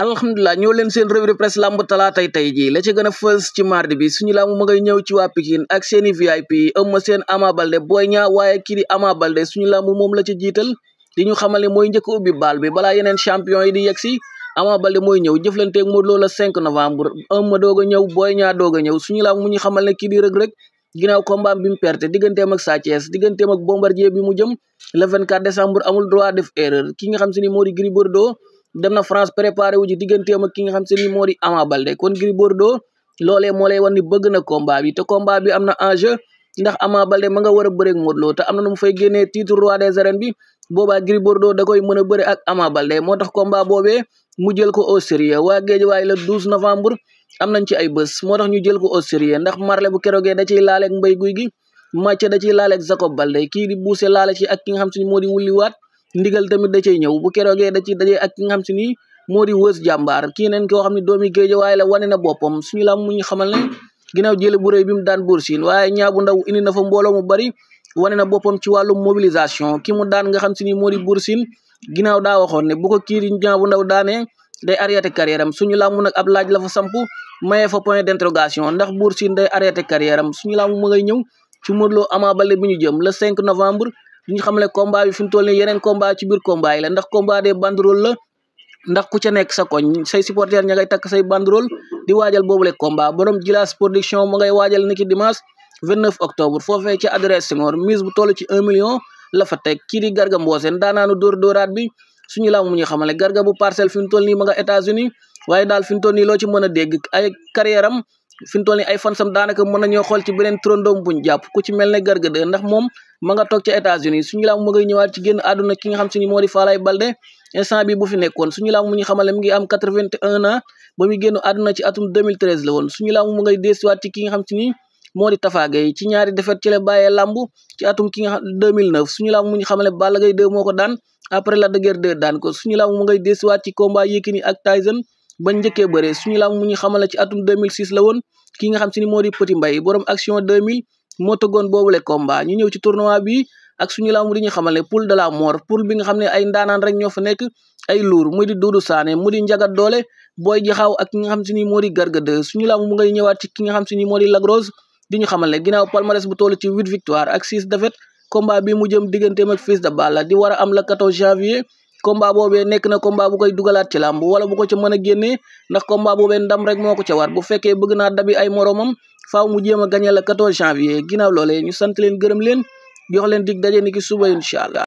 alhamdulilah ñoo leen seen revue de presse lamb talaatay tey jii la ci gën a fës ci mardi bi suñu lamb ma ngay ñëw ci waa Pikine ak seeni VIP Eumeu Sène Ama Baldé Boy Niang waaye kii di Ama Baldé suñu lamb moom la ci jiital di ñu xamale ne mooy njëkk ubbi baal bi balaa yeneen champion yi di yegsi Ama Baldé mooy ñëw jëflanteeg Modou Lo la 5 novembre Eumeu doog a ñëw Boy Niang doog a ñëw suñu lamb mu ñu xamal ne kii di Reug Reug ginaaw combat bi mu perte digganteem ak Sa Thiès digganteem ak Bombardier bi mu jëm le 24 décembre amul droit def erreur ki nga xam si ni moo di Gris Bordeaux dem na France préparé wu ji digganteem ak ki nga xam se ni moo di Ama Baldé kon Gris Bordeaux loolee moo lay wan ni bëgg na komba bi te combat bi am na enjeu ndax Ama Baldé ma nga war a bëre ak Modou Lo am na nu mu fay génnee titre roi des arènes bi boobaa Gris Bordeaux da koy mën a ak Ama Baldé moo tax combat boobee mu jël ko au sérieux waa Guédiawaye le 12 novembre am nañ ci ay bés moo tax ñu jël ko au sérieux ndax marle bu keroogee da ci laaleeg mbay guy gi màcce da ciy laaleeg Jacob Baldé kii di buuse laale ci ak ki nga xam se ni moo di wulli ndigal tamit da cay ñëw bu keroogee da ci dajee ak ki nga xam si ni moo di wës jàmbaar kii neen koo xam ne doomi géej waaye la wane na boppam suñu lam mu ñu xamal ne ginnaaw jële bu réy bi mu daan buur siin waaye ndaw indi fa mbooloo mu bari wane na boppam ci wàllu mobilisation ki mu daan nga xam si ni moo di buur siin ginnaaw daa waxoon ne bu ko kii di ñaabu ndaw daanee day arrêté carrière am suñu làmb nag ab laaj la fa samp mayee fa point d'interrogation ndax buur siin day arrêté carrière suñu làmb mu ngay ñëw ci Modou Lo Ama Baldé ñu jëm le 5 novembre du ñu xam ne combat fi mu toll nii yeneen combat ci biir combat yi la ndax combat des banderoles la ndax ku ca nekk sa koñ say supporters ña ngay takk say banderole di waajal boobule combat borom Jilas production mu ngay waajal niki dimanche 29 octobre foofee ci adresse Senghor mise bu toll ci 1 million la fa teg kii di Garga Mbossé ndaanaanu door dóoraat bi suñu laamu mu ñu xamale Garga bu parcelle fi mu toll nii ma nga États-Unis waaye daal fi mu toll nii loo ci mën a dégg ay carrière am fi mu toll nii ay fansam daanaka mën nañoo xool ci beneen trondoom buñ jàpp ku ci mel ne Garga 2 ndax moom ma nga ca États-Unis suñu laam mu ngay ñëwaat génn àdduna ki nga xam si ni moo di Falaye Balde instant bi bu fi nekkoon suñu laam mu ñu xamal ne ngi am quatre-vingt-un ans ba muy génn ci atum 2013 la woon suñu laam mu ngay deesiwaat ci ki nga xam si ni moo di Tapha Gueye ci ñaari defet la bàyyee làmb ci atum ki nga xam mu ñu xamal ne Balla Gaye 2 moo ko daan après Lac de Guiers 2 daan ko suñu laam ci combat Yékini ak Tyson bañ njëkkee bëree suñu lam mu ñu xamal ci atum 2006 la woon ki nga xam si ni moo di Petit Mbaye borom action 2000 moo tëggoon boobule combat ñu ñëw ci tournoi bi ak suñu lam mu di ñu xamal ne poule de la mort poule bi nga xam ne ay ndaanaan rek ñoo fa nekk ay luur mu di Doudou Sané mu di Ndiaga Dollé Boy Jaxaaw ak nga xam si ni moo di Garga 2 suñu mu ngay ñëwaat ci ki nga xam si ni moo di Lagrose di ñu xamal ne ginnaaw palmarès bu toll ci mu jëm digganteem ak Fils de Balla a am la 14 janvier combat boobee nekk na combat bu koy dugalaat ci làmb wala bu ko ca mën a génnee ndax combat boobee ndam rek moo ko ca war bu fekkee bëgg naa dabi ay moromam faaw mu jéem a gagné la 14 janvier ginnaaw loolee ñu sant leen gërëm leen jox leen dig daje ni ki suba incha allah